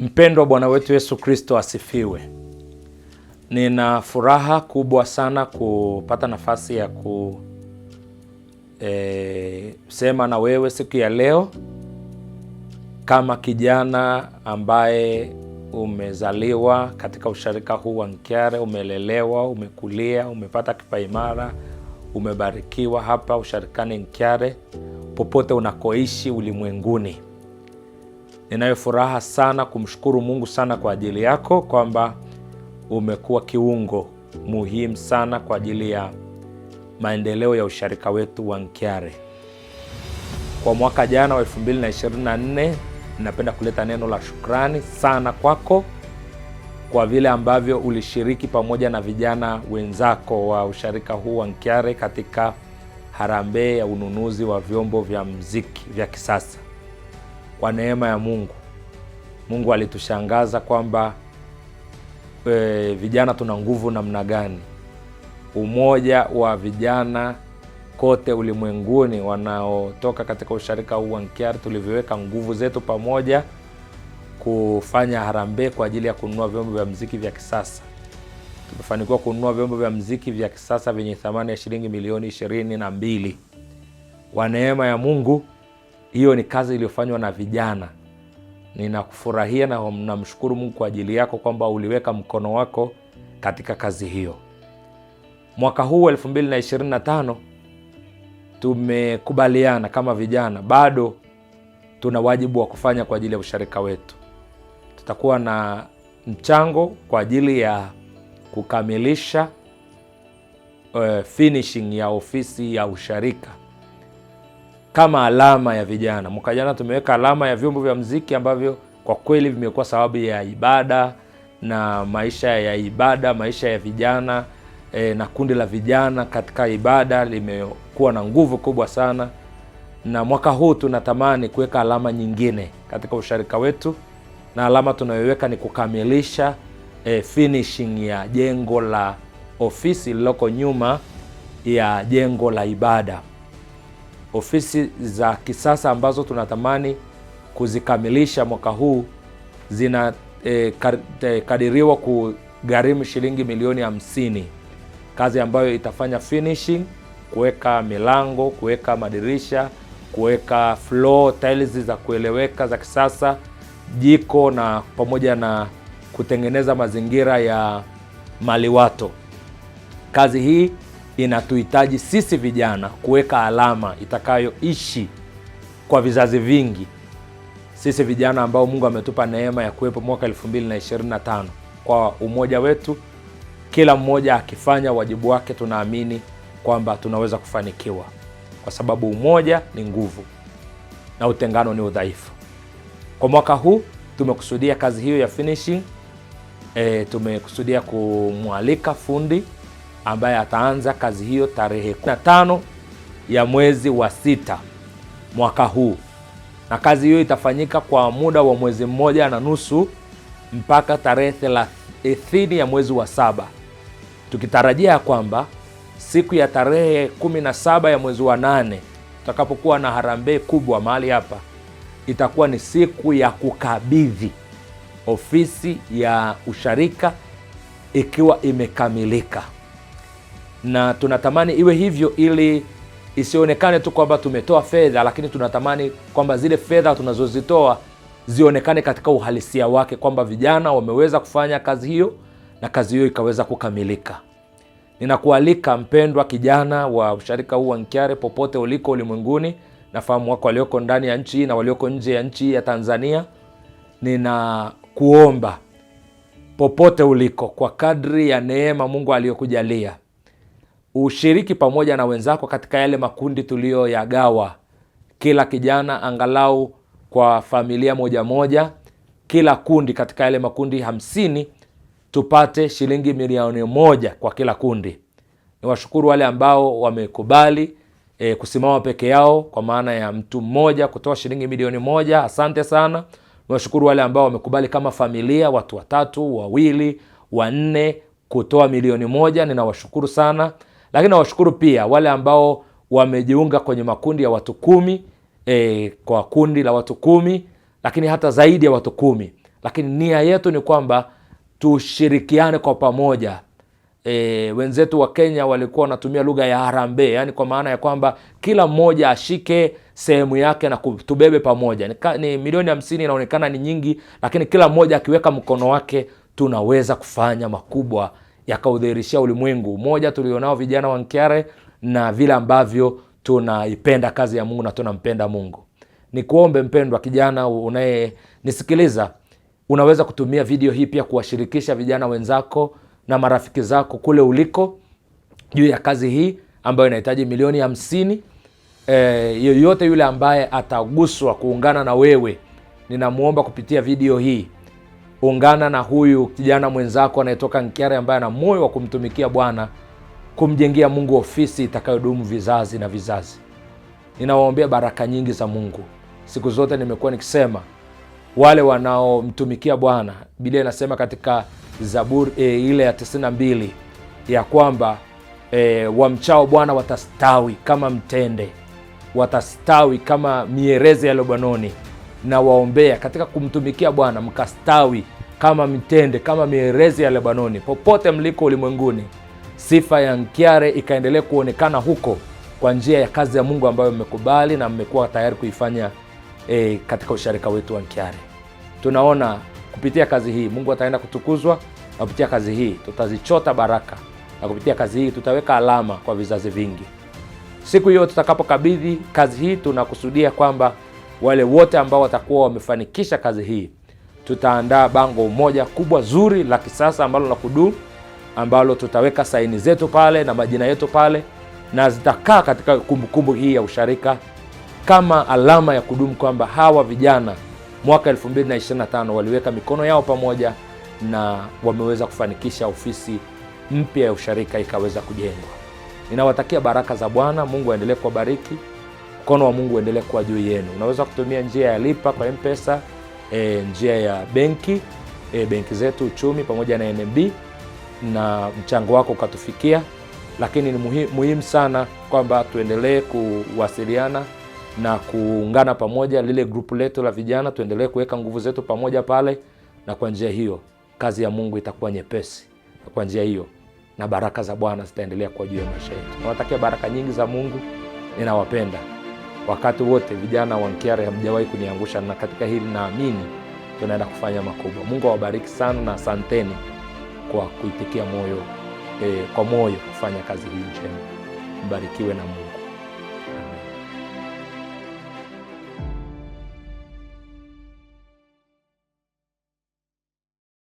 Mpendwa, Bwana wetu Yesu Kristo asifiwe. Nina furaha kubwa sana kupata nafasi ya kusema e, na wewe siku ya leo kama kijana ambaye umezaliwa katika usharika huu wa Nkyare, umelelewa, umekulia, umepata kipaimara, umebarikiwa hapa usharikani Nkyare, popote unakoishi ulimwenguni Ninayo furaha sana kumshukuru Mungu sana kwa ajili yako, kwamba umekuwa kiungo muhimu sana kwa ajili ya maendeleo ya usharika wetu wa Nkyare kwa mwaka jana wa 2024. Napenda kuleta neno la shukrani sana kwako kwa vile ambavyo ulishiriki pamoja na vijana wenzako wa usharika huu wa Nkyare katika harambee ya ununuzi wa vyombo vya mziki vya kisasa kwa neema ya Mungu. Mungu alitushangaza kwamba e, vijana tuna nguvu namna gani. Umoja wa vijana kote ulimwenguni wanaotoka katika usharika huu wa Nkyari, tulivyoweka nguvu zetu pamoja kufanya harambee kwa ajili ya kununua vyombo vya mziki vya kisasa. Tumefanikiwa kununua vyombo vya mziki vya kisasa vyenye thamani ya shilingi milioni ishirini na mbili. Wa neema ya Mungu hiyo ni kazi iliyofanywa na vijana. Ninakufurahia na namshukuru Mungu kwa ajili yako kwamba uliweka mkono wako katika kazi hiyo. Mwaka huu 2025 tumekubaliana kama vijana, bado tuna wajibu wa kufanya kwa ajili ya usharika wetu. Tutakuwa na mchango kwa ajili ya kukamilisha uh, finishing ya ofisi ya usharika kama alama ya vijana. Mwaka jana tumeweka alama ya vyombo vya mziki ambavyo kwa kweli vimekuwa sababu ya ibada na maisha ya ibada, maisha ya vijana e, na kundi la vijana katika ibada limekuwa na nguvu kubwa sana, na mwaka huu tunatamani kuweka alama nyingine katika usharika wetu, na alama tunayoweka ni kukamilisha e, finishing ya jengo la ofisi lililoko nyuma ya jengo la ibada ofisi za kisasa ambazo tunatamani kuzikamilisha mwaka huu zina eh, eh, kadiriwa kugharimu shilingi milioni hamsini, kazi ambayo itafanya finishing, kuweka milango, kuweka madirisha, kuweka floor tiles za kueleweka za kisasa, jiko na pamoja na kutengeneza mazingira ya maliwato. Kazi hii inatuhitaji sisi vijana kuweka alama itakayoishi kwa vizazi vingi. Sisi vijana ambao Mungu ametupa neema ya kuwepo mwaka 2025 kwa umoja wetu, kila mmoja akifanya wajibu wake, tunaamini kwamba tunaweza kufanikiwa, kwa sababu umoja ni nguvu na utengano ni udhaifu. Kwa mwaka huu tumekusudia kazi hiyo ya finishing. E, tumekusudia kumwalika fundi ambaye ataanza kazi hiyo tarehe 15 ya mwezi wa sita mwaka huu, na kazi hiyo itafanyika kwa muda wa mwezi mmoja na nusu mpaka tarehe 30 ya mwezi wa saba, tukitarajia kwamba siku ya tarehe 17 ya mwezi wa nane tutakapokuwa na harambee kubwa mahali hapa, itakuwa ni siku ya kukabidhi ofisi ya usharika ikiwa imekamilika na tunatamani iwe hivyo ili isionekane tu kwamba tumetoa fedha, lakini tunatamani kwamba zile fedha tunazozitoa zionekane katika uhalisia wake, kwamba vijana wameweza kufanya kazi hiyo na kazi hiyo ikaweza kukamilika. Ninakualika mpendwa kijana wa usharika huu wa Nkyare, popote uliko ulimwenguni, nafahamu wako walioko ndani ya nchi na walioko nje ya nchi ya Tanzania. Ninakuomba popote uliko, kwa kadri ya neema Mungu aliyokujalia ushiriki pamoja na wenzako katika yale makundi tuliyoyagawa, kila kijana angalau kwa familia moja moja, kila kundi katika yale makundi hamsini, tupate shilingi milioni moja kwa kila kundi. Niwashukuru wale ambao wamekubali e, kusimama peke yao kwa maana ya mtu mmoja kutoa shilingi milioni moja. Asante sana. Niwashukuru wale ambao wamekubali kama familia, watu watatu, wawili, wanne kutoa milioni moja. Ninawashukuru sana. Lakini nawashukuru pia wale ambao wamejiunga kwenye makundi ya watu kumi e, kwa kundi la watu kumi, lakini hata zaidi ya watu kumi. Lakini nia yetu ni kwamba tushirikiane kwa pamoja. E, wenzetu wa Kenya walikuwa wanatumia lugha ya harambee, yani kwa maana ya kwamba kila mmoja ashike sehemu yake na tubebe pamoja. Ni, ni milioni hamsini inaonekana ni nyingi, lakini kila mmoja akiweka mkono wake tunaweza kufanya makubwa yakaudhihirishia ulimwengu umoja tulionao vijana wa Nkyare na vile ambavyo tunaipenda kazi ya Mungu na tunampenda Mungu. Nikuombe mpendwa kijana unayenisikiliza, unaweza kutumia video hii pia kuwashirikisha vijana wenzako na marafiki zako kule uliko juu ya kazi hii ambayo inahitaji milioni hamsini. E, yoyote yule ambaye ataguswa kuungana na wewe, ninamwomba kupitia video hii ungana na huyu kijana mwenzako anayetoka Nkyare ambaye ana moyo wa kumtumikia Bwana, kumjengea Mungu ofisi itakayodumu vizazi na vizazi. Ninawaombea baraka nyingi za Mungu. Siku zote nimekuwa nikisema wale wanaomtumikia Bwana, Biblia inasema katika Zaburi e, ile ya 92 ya kwamba e, wamchao Bwana watastawi kama mtende, watastawi kama mierezi ya Lebanoni nawaombea katika kumtumikia Bwana mkastawi kama mitende kama mierezi ya Lebanoni, popote mliko ulimwenguni, sifa ya Nkyare ikaendelea kuonekana huko kwa njia ya kazi ya Mungu ambayo mmekubali na mmekuwa tayari kuifanya e, katika usharika wetu wa Nkyare. Tunaona kupitia kazi hii Mungu ataenda kutukuzwa, na kupitia kazi hii tutazichota baraka, na kupitia kazi hii tutaweka alama kwa vizazi vingi. Siku hiyo tutakapokabidhi kazi hii, tunakusudia kwamba wale wote ambao watakuwa wamefanikisha kazi hii, tutaandaa bango moja kubwa zuri la kisasa ambalo la kudumu ambalo tutaweka saini zetu pale na majina yetu pale, na zitakaa katika kumbukumbu hii ya usharika kama alama ya kudumu kwamba hawa vijana mwaka 2025 waliweka mikono yao pamoja na wameweza kufanikisha ofisi mpya ya usharika ikaweza kujengwa. Ninawatakia baraka za Bwana. Mungu aendelee kuwabariki mkono wa Mungu uendelee kuwa juu yenu. Unaweza kutumia njia ya lipa kwa M-Pesa, e, njia ya benki e, benki zetu Uchumi pamoja na NMB na mchango wako ukatufikia, lakini ni muhimu sana kwamba tuendelee kuwasiliana na kuungana pamoja, lile grupu letu la vijana, tuendelee kuweka nguvu zetu pamoja pale, na kwa njia hiyo kazi ya Mungu itakuwa nyepesi, na kwa njia hiyo na baraka za Bwana zitaendelea kwa juu ya maisha yetu. Nawatakia baraka nyingi za Mungu, ninawapenda wakati wote. Vijana wa Nkyare hamjawahi kuniangusha, na katika hili naamini tunaenda kufanya makubwa. Mungu awabariki sana na asanteni kwa kuitikia moyo, eh, kwa moyo kufanya kazi hii njema. Mbarikiwe na Mungu.